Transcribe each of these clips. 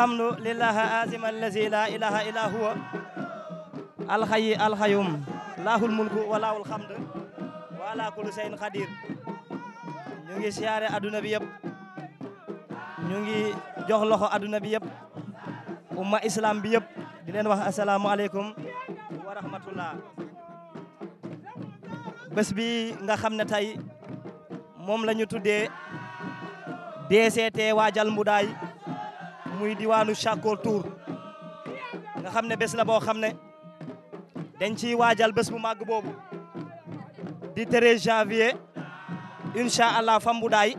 alhamdu lillahi azim allazi la ilaha illa huwa alxayi alxayum lahul mulku wa lahul hamd wa ala ñu ngi siyaare adduna bi yëpp ñu ngi jox loxo adduna bi yëpp umma islam bi yëpp di leen wax asalaamualeykum wa rahmatullah bés bi nga xam ne tay moom la ñu tuddee DCT waajal mbudaay muy diwaanu Chakor Tour nga xam ne bés la boo xam ne dañ ciy waajal bés bu màgg boobu di 13 janvier incha allah fambudaay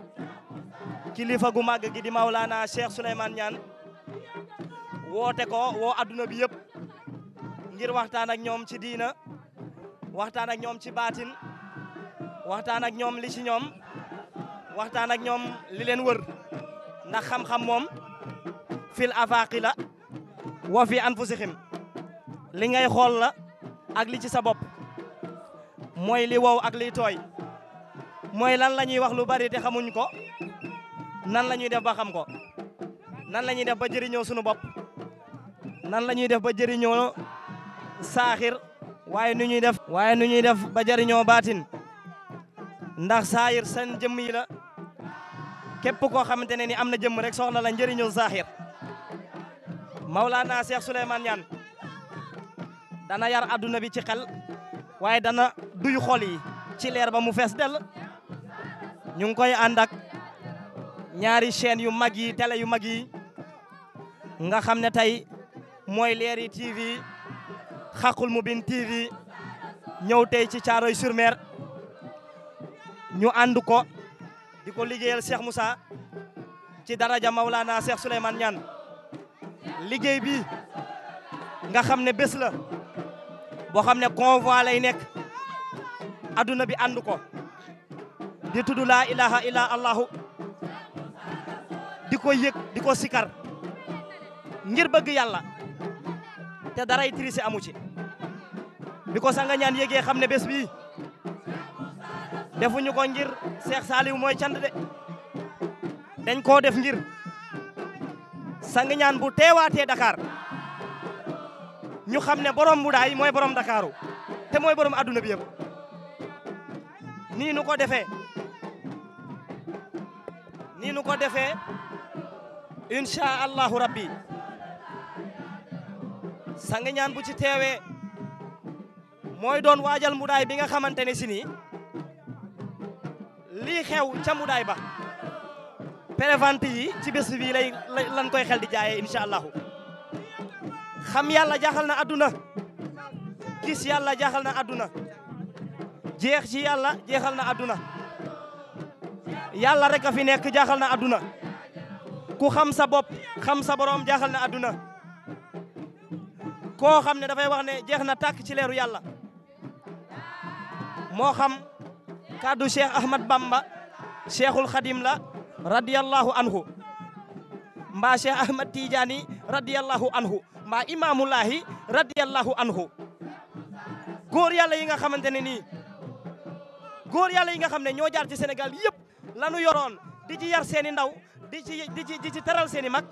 kilifa gu màgg gi di Maulana Cheikh Souleymane Niane woote ko woo adduna bi yëpp ngir waxtaan ak ñoom ci diina waxtaan ak ñoom ci baatin waxtaan ak ñoom li ci ñoom waxtaan ak ñoom li wër ndax xam-xam moom fil afaqi la wa fi anfusihim li ngay xol la ak li ci sa bop moy li waw ak li toy moy lan lañuy wax lu bari te xamuñ ko nan lañuy def ba xam ko nan lañuy def ba jeriño suñu bop nan lañuy def ba jeriño saaxir waye nuñuy def waye nuñuy def ba jeriño batin ndax sahir seen jëm yi la képp ko xamantene ni amna jëm rek soxna la jeriño saaxir Mawlana Cheikh Souleymane Niane dana yar adduna bi ci xel waaye dana duy xol yi ci leer ba mu fees dell ñu ngi koy ànd ñaari chaîne yu mag yi télé yu mag yi nga xam ne tey mooy Leeri TV mu Mubin TV ñëw tey ci Thiaroye sur Mer ñu ànd ko di ko liggéeyal Cheikh Moussa ci daraja Mawlana Cheikh Souleymane Niane liggéey bi nga xam ne la bo xam convoi lay nek aduna bi ànd ko di tuddu la ilaha illa allahu Dikoyek, yek diko sikar ngir bëgg té dara ay trisi amu ci biko ko sanga ñaan yegge xam ne bi defuñu ko ngir Cheikh salim moy cyand de dañ ko def ngir sang ñaan bu teewaatee dakaar ñu xam ne borom Mboudaay mooy borom Dakaru te mooy borom adduna bi yëpp nii nu ko defee nii nu ko defee incha allahu rabbi sang ñaan bu ci teewee mooy doon waajal Mboudaay bi nga xamante ne si nii lii xew ca Mboudaay ba prévente yi ci bés bi lay lan koy xel di jaayee incha allahu xam yàlla jaaxal na adduna gis yàlla jaaxal na adduna jeex ci yàlla jeexal na adduna yàlla rek a fi nekk jaaxal na adduna ku xam sa xam sa borom jaaxal na adduna koo xam ne dafay wax ne jeex na tàkk ci leeru yàlla moo xam kàddu Cheikh Ahmad bàmba Cheikhul Khadim la radiyallahu anhu mba cheikh ahmad tidiani radiyallahu anhu mba imamulahi radiyallahu anhu góor yàlla yi nga xamante ne nii góor yàlla yi nga xam ne ñoo jaar ci Sénégal yépp lanu yoroon di ci yar seen ndaw di ci di ci di ci mag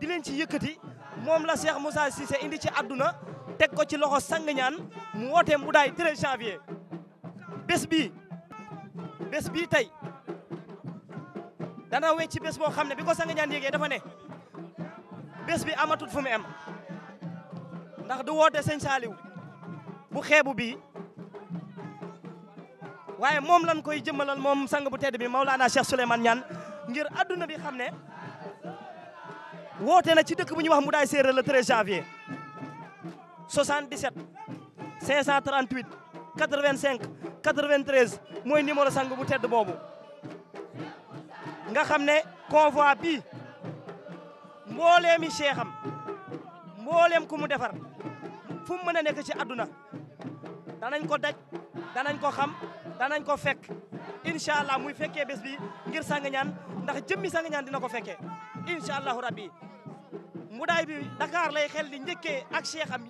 di leen ci yëkkati moom la musa si se indi ci àdduna teg ko ci loxo sang ñaan mu wootee mu daay 13 janvier bés bii bés bii tey dana wéy ci bés boo xam ne bi ko sang ñaan yéegee dafa ne bés bi amatut fu mu am ndax du woote sëñ saaliw bu xeebu bii waaye moom lan koy jëmmalal moom sang bu tedd bi Maulana Cheikh Souleymane Niane ngir adduna bi xam ne woote na ci dëkk bu ñuy wax mu daay séeréer le 13 janvier 77 538 85 93 mooy numéro sang bu tedd boobu nga xam ne convoi bii mbooleemi cheikh mbooleem ku mu defar fu mu mën a nekk ci àdduna danañ ko daj danañ ko xam danañ ko fekk incha allah muy fekkee bés bi ngir Sangañaan ndax jëmmi Sangañaan dina ko fekkee incha allahu rabbi mudaay bi Dakar lay xel di ak cheikh am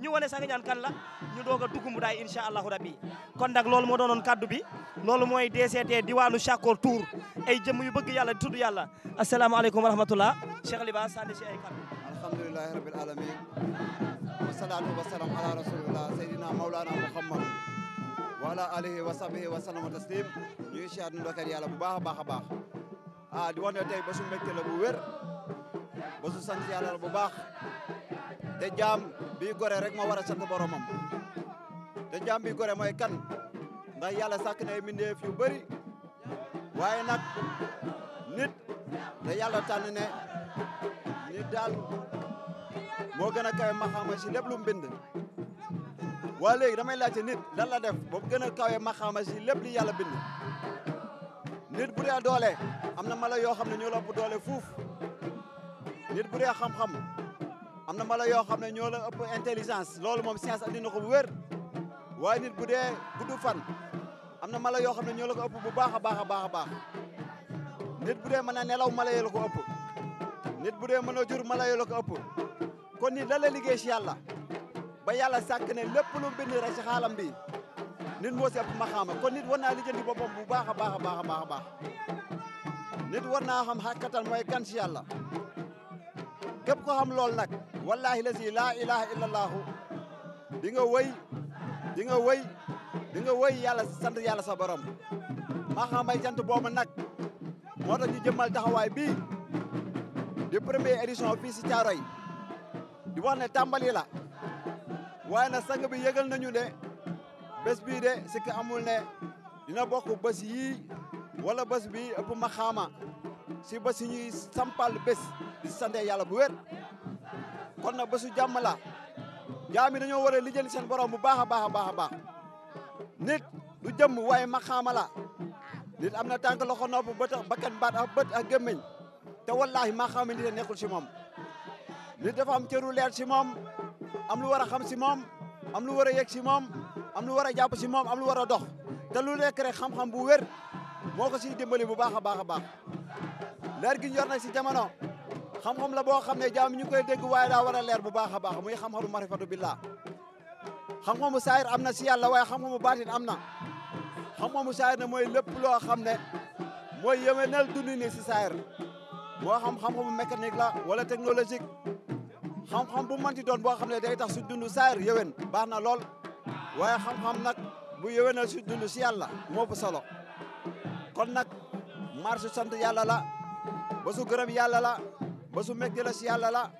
ñu wane sang ñaan kan la ñu doog a dugg daay incha allahu rabbi kon nag loolu moo doonoon kaddu bi loolu mooy DCT diwaanu Chakor Tour ay jëmm yu bëgg yàlla di tudd yàlla asalaamaaleykum wa rahmatullah Cheikh Liba sànni si ay kaddu wa ala alihi wa sahbihi wa sallama taslim ñuy siyaat bu baax baax a baax ah di wax ne tey ba su bu wér ba su sant bu baax te jaam bi gore rek moo war a sant boromam te jaam bi gore mooy kan ndax yàlla sàkk na ay fi yu waaye nag nit te yàlla tànn ne nit daal moo gën a kawe maxaama si lépp lu mbind waa léegi damay laajte nit lan la def ba mu gën a kawe maxaama lépp li yàlla bind nit bu dee am na mala yoo xam ne ñoo la ëpp doole fuuf nit bu dee am na mala yoo xam ne ñoo la ëpp intelligence loolu moom science andi na ko bu wér waaye nit bu dee gudd fan am na mala yoo xam ne ñoo la ko ëpp bu baax baax a baax a baax nit bu dee mën a nelaw mala yoo ko ëpp nit bu dee ma a jur mala yoo la ko kon nit la liggéey si yàlla ba yàlla sàkk ne lépp lu bind rek si xaalam bi nit moo si ëpp ma xaama kon nit wa naa lijjanti boppam bu baax a baax baax a baax a baax nit war naa xam xàkkatal mooy kan si yàlla képp ko xam loolu nag wallahi lazi laa ilaha illa allaahu di nga wëy di nga wëy di nga wëy yàlla sant yàlla sa borom maa xam may sant boobu nag moo tax ñu jëmmal taxawaay bii di première édition fii si di wax ne tàmbali la waaye na bi yëgal nañu ne bés bii de sikk amul ne dina bokk bés yii wala bés bi ëpp ma xaama sampal bés di sante yàlla bu wér kon nag bésu jàmm la jaam dañoo war a lijjanti seen boroom bu baax a baax a baax a baax nit du jëmm waaye maxaama nit am na tànk loxo nopp bët bakkan baat ak bët ak gémmiñ te wallaahi maxaama nit a nekkul si moom nit dafa am cëru leer si moom am lu war a xam si moom am lu war a yëg si moom am lu war a jàpp si moom am lu war a dox te lu nekk rek xam-xam bu wér moo ko si dimbali bu baax a baax a baax leer gi ñu yor si jamono xam-xam la boo xam ne jaam ñu koy dégg waaye daa war a leer bu baax a baax muy xam-xamu marifatu billah xam-xamu saayir am na si yàlla waaye xam-xamu baatin am na xam-xamu saayir ne mooy lépp loo xam ne mooy yëwénal dund ni si saayir moo xam xam-xamu mécanique la wala technologique xam-xam bu manti doon boo xam ne day tax su dund saayir yëwén baax na lool waaye xam-xam nag bu yëwénal su dund si yàlla moo bu solo kon nag marche sant yàlla la ba su gërëm yàlla la bésu megdelas yàlla la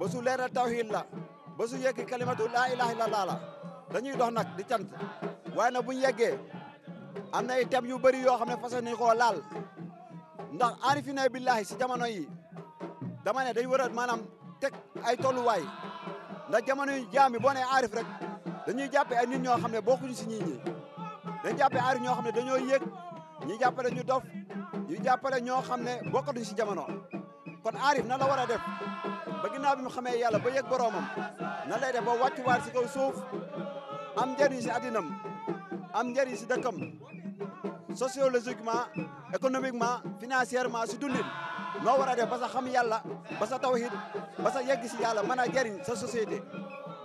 bésu leeral tawhid la bésu yegg kalimatu laa ilaha illallah la dañuy dox nag di cant waaye nag bu ñu yeggee am na ay thèmes yu bëri yoo xam ne fas nañu koo laal ndax arifina billahi si jamono yi dama ne dañ maanaam teg ay tolluwaay ndax jamono yu jaam yi boo nee aarif rek dañuy jàppee ay nit ñoo xam ne bokkuñu si ñii ñi dañ jàppee aarif ñoo xam ne dañoo yëg ñi jàppale ñu dof ñi jàppale ñoo xam ne bokkatuñ si jamono kon aarif na la war a def bëgg naa bi mu xamee yàlla ba yëg boroomam nan lay def ba wàccuwaar si kaw suuf am njëriñ si addinam am njëriñ si dëkkam sociologiquement économiquement financièrement si dundin noo war a def ba sa xam yàlla ba sa tawhid ba sa yegg si yàlla mën a jëriñ sa société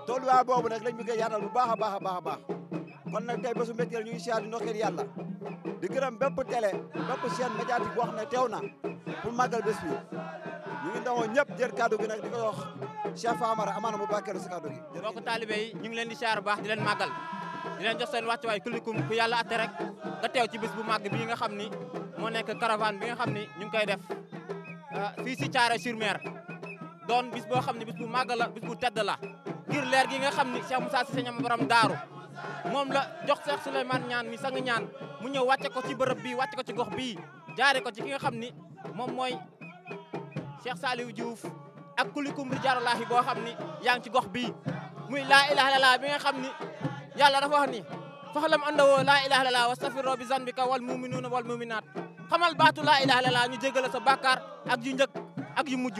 tolluwaay boobu nag lañ bëgg a yaatal bu baax a baax a baax baax kon nag tey bésu mbégteel ñu ngi siyaar di ndokkeel yàlla di gërëm bépp télé bépp chaîne médiatique boo xam ne teew na pour ñu ngi dangoo ñëpp jël kaddu nag di ko wax Cheikh Famara amaana mu bàkkeelu si kaddu gi mbokk ñu ngi leen di siyaar baax di leen màggal di leen jox seen wàccuwaay kulikum ku yàlla atte rek nga teew ci bis bu màgg bii nga xam ni moo nekk caravane bi nga xam ni ñu ngi koy def ah, fii si Thiaroye sur doon bis boo xam ne bis bu màgg la bis bu tedd la ngir leer gi nga xam ni Cheikh Moussa Cissé ñam borom daaru moom la jox Cheikh Souleymane ñaan mi sang ñaan mu ñëw wàcce ko ci bërëb bii wàcce ko ci gox bii jaare ko ci ki nga xam ni moom mooy Cheikh Saliou Diouf ak kulikum rijaarulaahi boo xam ni yaa ngi ci gox bii muy laa ilaha illallah bi nga xam ni yàlla dafa wax ni faxalam andawoo laa ilaha illallah wastafiroo bi zanbika wal muminuuna wal muminaat xamal baatu laa ilaha illallah ñu jégal sa bàkkaar ak yu njëkk ak yu mujj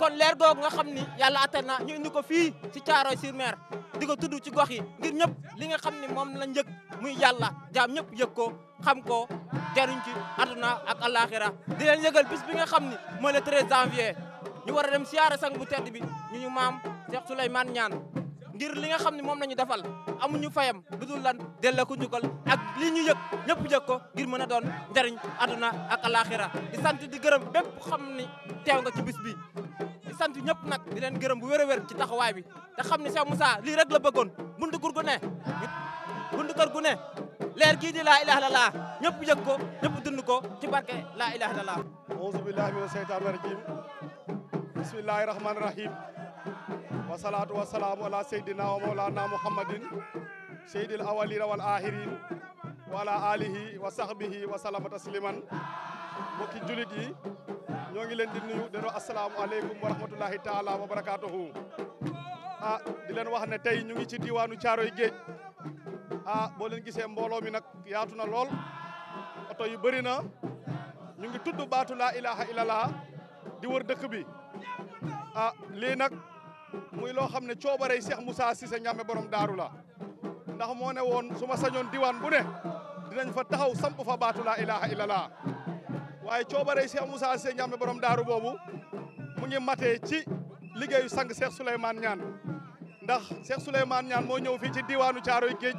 kon leer googu nga xam ni yàlla attan na ñu indi ko fii ci Caaroy sur Mer di ko tudd ci gox yi ngir ñëpp li nga xam ni moom la njëkk muy yàlla jaam ñëpp yëg ko xam ko jariñ ci àdduna ak àllaaxira di leen yëgal bis bi nga xam ni mooy le 13 janvier ñu war a dem siyaare sang bu tedd bi ñu ñu maam Cheikh Souleymane Niane ngir li nga xam ne moom la ñu defal amuñu fayam lu dul lan delloo ko njukkal ak lii ñu yëg ñëpp yëg ko ngir mën a doon njariñ àdduna ak àllaaxira di sant di gërëm bépp xam ni teew nga ci bis bi di sant ñëpp nag di leen gërëm bu wér a wér ci taxawaay bi te xam ne Cheikh Moussa lii rek la bëggoon buntu gur gu ne buntu kër gu ne leer gii di laa ilaha illallah ñëpp yëg ko ñëpp dund ko ci laa ilaha illallah auzu billahi mina sheytaani rajim bismillahi rahmani rahim wasalaatu wasalaamu ala seydina wa mawlana muhammadin seydil awalina wal ahirin wa ala alihi wa sahbihi wa salama tasliman mbokki julit yi ñoo ngi leen di nuyu aleykum wa taala wa barakatuhu ah, di leen wax ne tey ñu ci diwaanu Caaroy Géej a ah, boo leen gisee mbooloo mi nag yaatu na lool oto yu bëri na ñu ngi tudd baatu laa ilaha illallah di wër dëkk bi ah lii nag muy loo xam ne coobarey Cheikh Moussa Cissé Ndiamé borom daaru la ndax moo ne woon su ma sañoon diwaan bu ne dinañ fa taxaw samp fa baatu laa ilaha illallah waaye coobarey Cheikh Moussa Cissé Ndiamé borom daaru boobu mu ngi matee ci liggéeyu sang Cheikh Souleymane ñaan ndax Cheikh Souleymane Niane moo ñëw fii ci diwaanu Caaroy Géej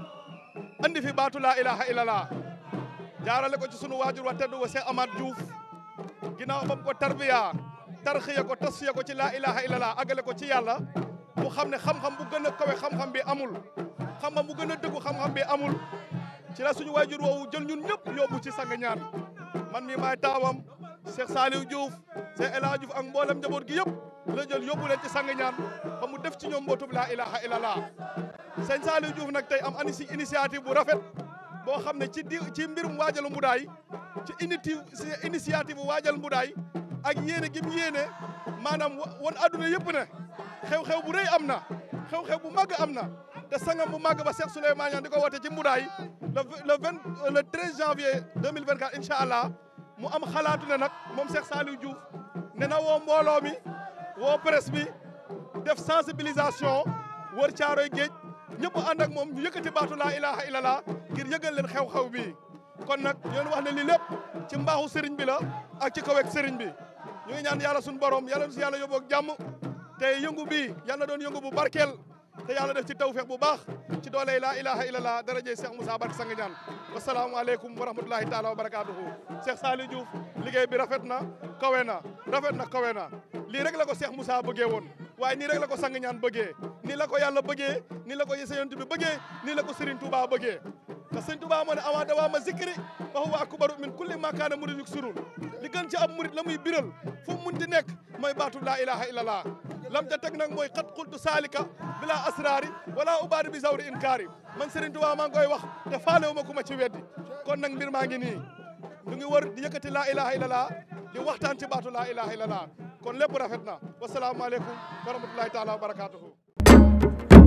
andi fi baatu laa ilaha illallah jaarale ko ci sunu waajur wa tedd Seex Amaat Diouf a bam ko tarbiya tarxiya ko tasfiya ko ci laa ilaha illallah agale ko ci yàlla mu xam ne xam-xam bu gën a kawe xam-xam bi amul xam-xam bu gën a dëggu xam-xam bi amul ci la suñu waajur woowu jël ñun ñëpp yóbbu ci sang ñaan man mi maay taawam Seex Saaliw Diouf Seex El Hadji Diouf ak mboolem njaboot gi yëpp la jël yóbbu leen ci sang ñaan ba mu def ci ñoom mbootub laa ilaha illallah sëñ Saliou Diouf nag tey am ani si initiative bu rafet boo xam ne ci di ci mbirum waajal mbudaay ci initiative bu waajal mbudaay ak yéene gi mu yéene maanaam won adduna yëpp ne xew-xew bu rëy am na xew-xew bu màgg am na te sangam bu màgg ba Cheikh Souleymane Niang di ko woote ci mbudaay le le vingt le treize janvier deux mille vingt quatre incha allah mu am xalaatu ne nag moom Cheikh Saliou Diouf ne na woo mbooloo mi. woo presse bi def sensibilisation wër caaroy géej ñëpp ànd ak moom ñu yëkkati baatu laa ilaha illallah ngir yëgal leen xew-xew bi kon nag yoon wax ne lii lépp ci mbaaxu sëriñ bi la ak ci kaweeg sëriñ bi ñu ngi ñaan yàlla suñu borom yàlla si yàlla yóbboog jàmm te yëngu bi yan yàlla doon yëngu bu barkeel te yàlla def ci tawfeex bu baax ci doole laa ilaha illallah daraje Cheikh Moussa Barke Sang Ñaan wasalaamu aleykum wa rahmatulahi taala wa barakaatuhu Cheikh Saliou Diouf liggéey bi rafet na kawe na rafet na kawe na lii rek la ko Cheikh Moussa bëggee woon waaye nii rek la ko sang ñaan bëggee nii la ko yàlla bëggee nii la ko yonent bi bëggee nii la ko Serigne Touba bëggee te Serigne Touba moo ne avant dawaa ma zikri wa huwa akbaru min kulli ma kaana murid yuksurul li gën ci ab la muy biral fu mu munti nekk mooy baatu laa ilaha illallah لم تتكن موي قد قلت سالكا بلا اسراري ولا ابالي بزور انكاري من سيرن توبا ما غوي واخ دفالو ماكو ما تي ويدي كون نك مير ماغي ني نغي وور دي يكتي لا اله الا الله دي وقتان تي باتو لا اله الا الله كون لب رافتنا والسلام عليكم ورحمه الله تعالى وبركاته Thank you.